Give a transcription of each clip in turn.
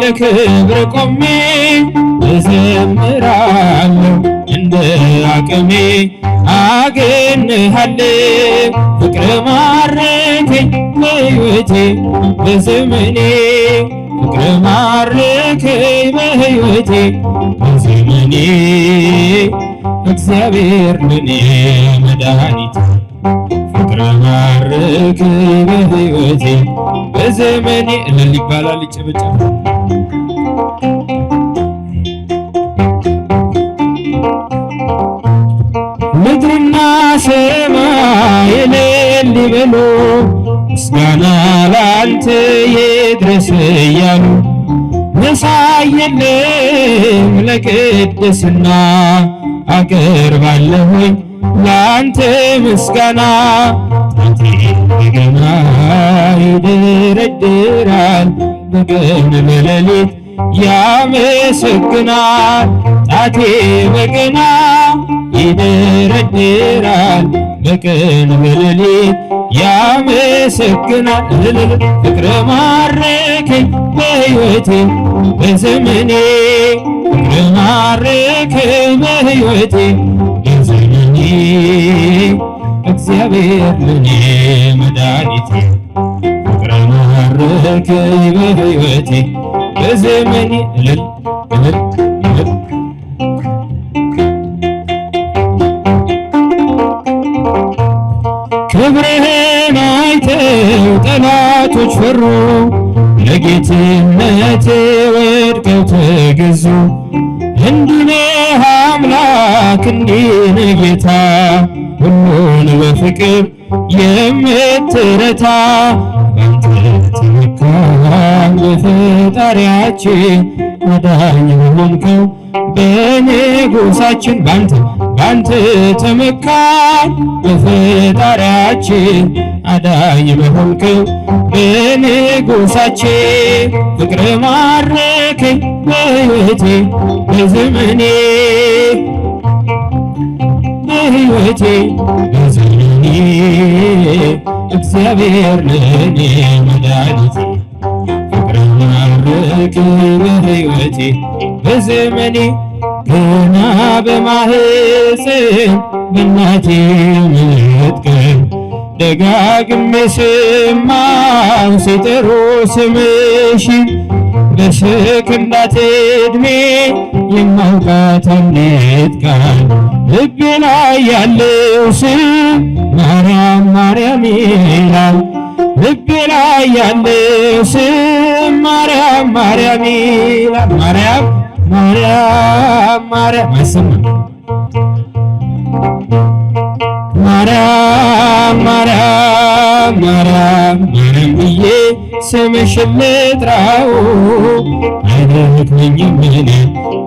ለክብር ቆሜ እዘምራለሁ እንደ አቅሜ አገንሃለሁ ፍቅር ማረከኝ በሕይወቴ በዘመኔ ፍቅር ማረከኝ በሕይወቴ በዘመኔ እግዚአብሔር ለኔ መድኃኒቴ ተብረባረክ በህይወቴ በዘመኔ እልል ይባላል ይጨበጨብ ምድርና ሰማይ እልል ይበሉ ምስጋና ላንተ ይድረስ እያሉ መሳይ ለቅድስና አቀርባለሁኝ ላንተ ምስጋና ገና ይደረድራል በቀን በሌሊት ያመሰግናል ጣቴ በገና ይደረድራል በቀን በሌሊት ያመሰግናል ፍቅረ ማረከኝ በሕይወቴ በዘመኔ ፍቅረ ማረከኝ በሕይወቴ እግዚአብሔር ለኔ መድኃኒቴ ፍቅረ ማረከኝ በሕይወቴ በዘመኔ እንዲነ አምላክ እንዲነ ጌታ ሁሉን በፍቅር የምትረታ በፈጣሪያችን መዳኝ ሆንከው በንጉሳችን ባንተ ባንተ ተመካን በፈጣሪያችን አዳኝ በሆንከው በንጉሳችን ፍቅር ማረከኝ በህይወቴ በዘመኔ በህይወቴ በዘመኔ እግዚአብሔር ለእኔ መድኃኒቴ አድርግልኝ ሕይወቴ በዘመኔ ገና በማህፀን በእናቴ ምጥ ቀን ደጋግሜ ስማው ሲጠሩ ስምሽን በሽክናት ዕድሜ የማውቃት አንዲት ቃል ልቤ ላይ ያለው ስም ማርያም ማርያም ይላል። ልቤ ላይ ያለ ስም ማርያም ማርያም ይላል። ማርያም ማርያም ማርያም አይሰማም። ማርያም ማርያም ማርያም ማርያም ብዬ ስምሽን ልጥራው አይደክመኝም እኔ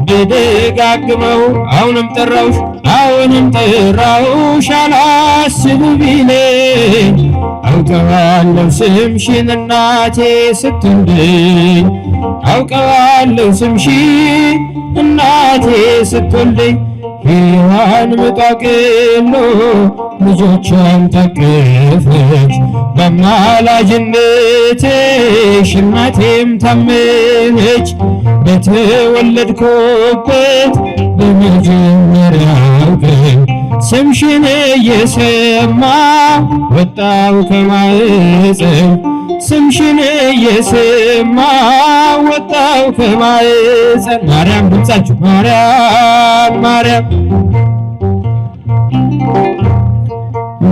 ብደጋግመው አሁንም ጠራውሽ አሁንም ጠራውሽ አላስብ ቢለኝ አውቀዋለሁ ስምሽን እናቴ ስትወልደኝ አውቀዋለሁ ስምሽን እናቴ ስትወልደኝ ሔዋን ምጣቅሎ ልጆቿን ተቀፈች በአማላጅነትሽ እናቴም ታመነች በተወለድኩበት በመጀመሪያ ስምሽን እየሰማ ወጣው ከማህፀን ስምሽን እየሰማ ወጣው ከማህፀን ማርያም ድምፃችሁ ማርያም ማርያም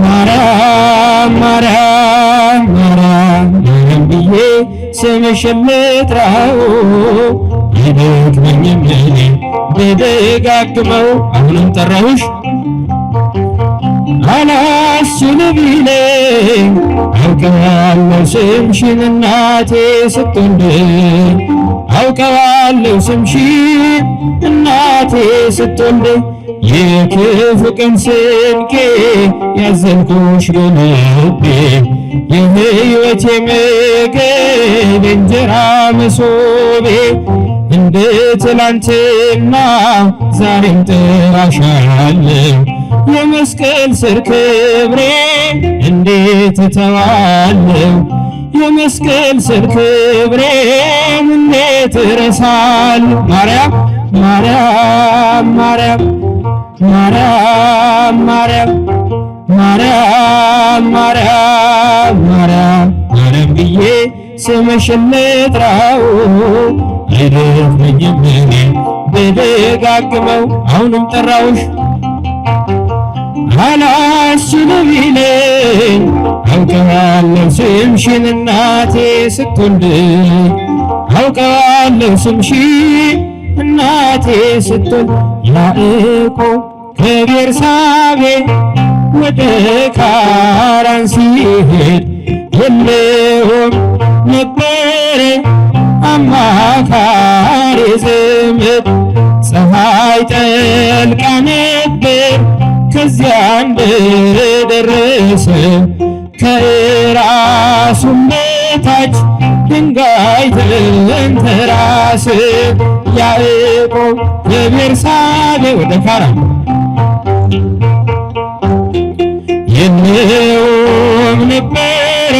ማርያም ማርያም ማርያም ማርያም ብዬ ስምሽን ልጥራው ይደግመኝም ብደጋግመው አሁንም ጠራሁሽ አላስችልብኔ አውቀዋለሁ ስምሽን እናቴ ስትወልድ አውቀዋለሁ ስምሽን እናቴ ስትወልድ የክፉ ቀን ስንቄ ያዘንኩሽ በልቤ የሕይወቴ ምግብ እንጀራ መሶቤ ትላንትና ዛሬም ጥራሻለው የመስቀል ስር ክብሬ እንዴት እተዋለው የመስቀል ስር ክብሬ እንዴት እረሳል ማርያም ማርያም ማርያም ማርያም ማርያም ማርያም ማርያም ማርያም ማርያም ብዬ ስምሽን ልጥራው አይደፍረኝም እኔ ብደጋግመው አሁንም ጠራውሽ አላስችልም ይለኝ አውቀዋለሁ ስምሽን እናቴ ስትወልድ አውቀዋለሁ ስምሽን እናቴ ስትወልድ ያዕቆብ ከቤርሳቤ ወደ ካራን ሲሄድ የለውም ነበር አፋር የዘመድ ፀሐይ ጠልቃ ነበር ከዚያ እንደደረሰ ከራሱም በታች ድንጋይ ተንተራሰ። ያዕቆብ የቤርሳቤ ወደ ካራን የለውም ነበረ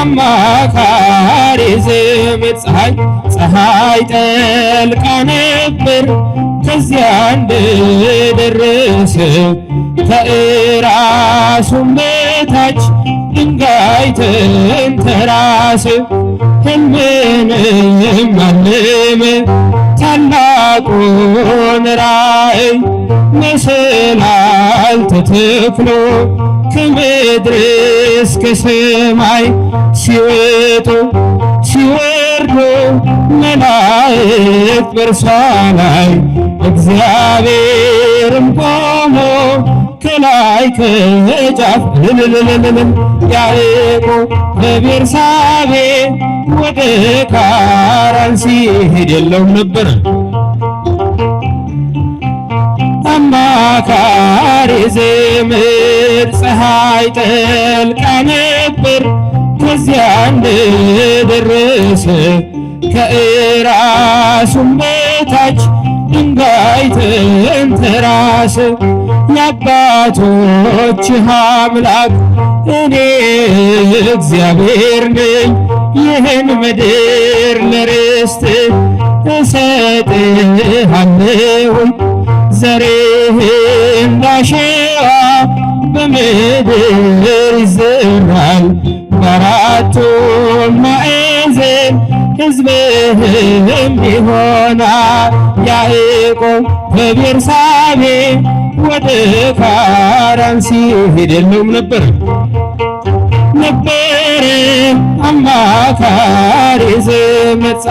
አማካሪ ዘመድ ፀሐይ ፀሐይ ጠልቃ ነበር ከዚያ እንደደረሰ ከእራሱን በታች ድንጋይ ተንተራሰ። ሕልምንም አለመ ታላቁን ራእይ መሰላል ተተክሎ ከምድር እስከ ሰማይ ሲወጡ መጡ መላእክት በእርሷ ላይ እግዚአብሔርም ቆሞ ከላይ ከጫፍ ልልልልልል ያዕቆ በቤርሳቤ ወደ ካራን ሲሄድ የለውም ነበር አማካሪ ዘመድ ፀሐይ ጠልቃ ነበር እነዚያ እንደደረሰ ከእራሱም በታች ድንጋይ ተንተራሰ። የአባቶች አምላክ እኔ እግዚአብሔር ነኝ፣ ይህን ምድር ለርስት እሰጥሃለሁ ዘርህ እንዳሸዋ በምድር በሁለቱም ማዕዘን ሕዝብህም ይሆናል ያዕቆብ በቤርሳቤ ወደ ካራን ሲሄድ የለውም ነበር ነበረ አማካሪ ዘመጻ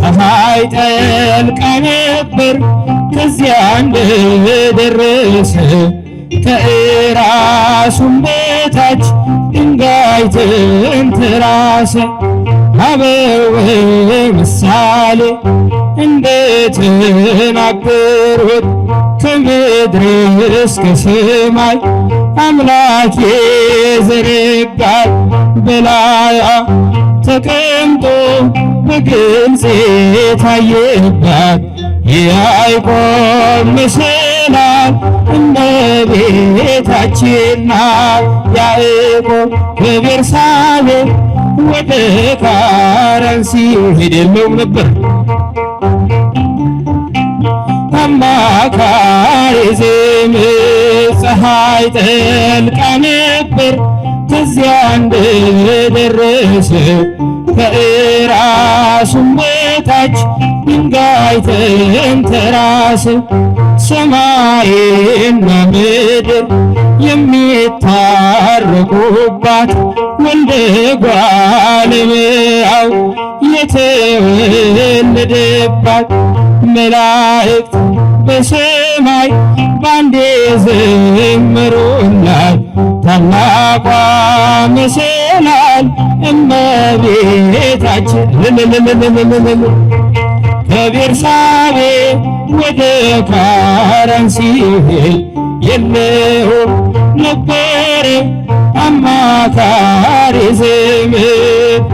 ፀሐይ ጠልቃ ነበር ከዚያ እንደደረሰ ከእራሱም በታች ድንጋይ ትንትራስ አበው ምሳሌ እንደተናገሩት ከምድር እስከ ሰማይ አምላክ የዘረጋል በላያ ተቀምጦ በግልጽ ታየባት የያዕቆብ ምስላል ያችና ያዕቆብ ከቤርሳቤ ወደ ካራን ሲሄድ የለውም ነበር አማካሪ ዜም ፀሐይ ጠልቃ ነበር ከዚያ እንደደረሰ ከዕራ ከራሱም በታች ድንጋይ ተንተራሰ። ሰማይና ምድር የሚታረቁባት ወልደ ጓልብአው የተወለደባት መላእክት በሰማይ ባንዴ ዘመሩላት ታላቋ መሴ ይባላል። እመቤታችን ከቤርሳቤ ወደ ካራን ሲሄድ የለውም ነበረ አማካሪ ዘመድ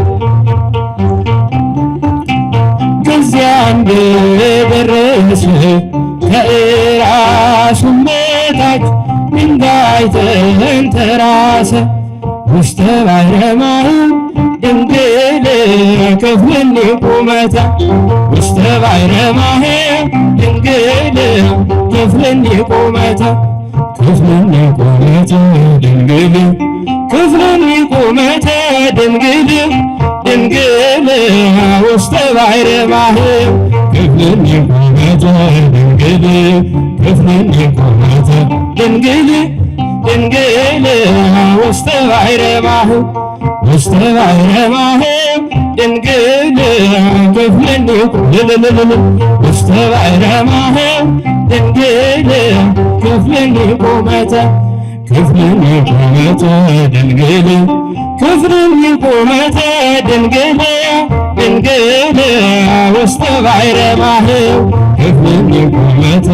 ከዚያ እንደደረሰ ከራሱ በታች ድንጋይ ተንተራሰ ውስተ ባህረ ድንግል ከፍለኒ ቁመታ ውስተ ባህረ ድንግል ከፍለኒ ቁመታ ከፍለኒ ቁመታ ድንግል ከፍለኒ ቁመታ ድንግል ድንግል ውስተ ባህረ ማይም ከፍለኒ ቁመታ ድንግል ከፍለኒ ቁመታ ድንግል ድንግል ውስጥ ባይረባህ ውስጥ ባይረባህ ድንግል ክፍልን ልልልል ውስጥ ባይረባህ ድንግል ክፍልን ቁመተ ክፍልን ቁመተ ድንግል ክፍልን ቁመተ ድንግል ድንግል ውስጥ ባይረባህ ክፍልን ቁመተ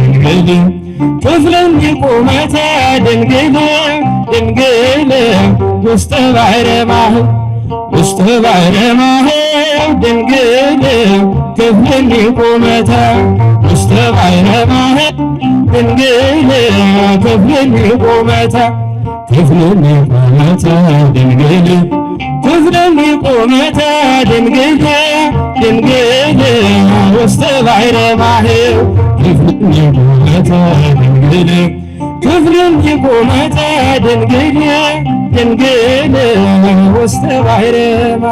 ድንግል ክፍልን ቁመተ ድንግል ድንግል ውስጥ ባሕረ ማህው ውስጥ ባሕረ ማህው ድንግል ክፍልን ቁመተ ውስጥ ባሕረ ድንግል ክፍልን ቁመተ ክፍልን ቁመተ ድንግል ክፍልን ቁመተ ድንግል ድንግል ውስጥ ባሕረ ክፍልን ቁመተ ድንግል ክብርን ይቁመጣ ድንግል ድንግል ውስተ ባሕረ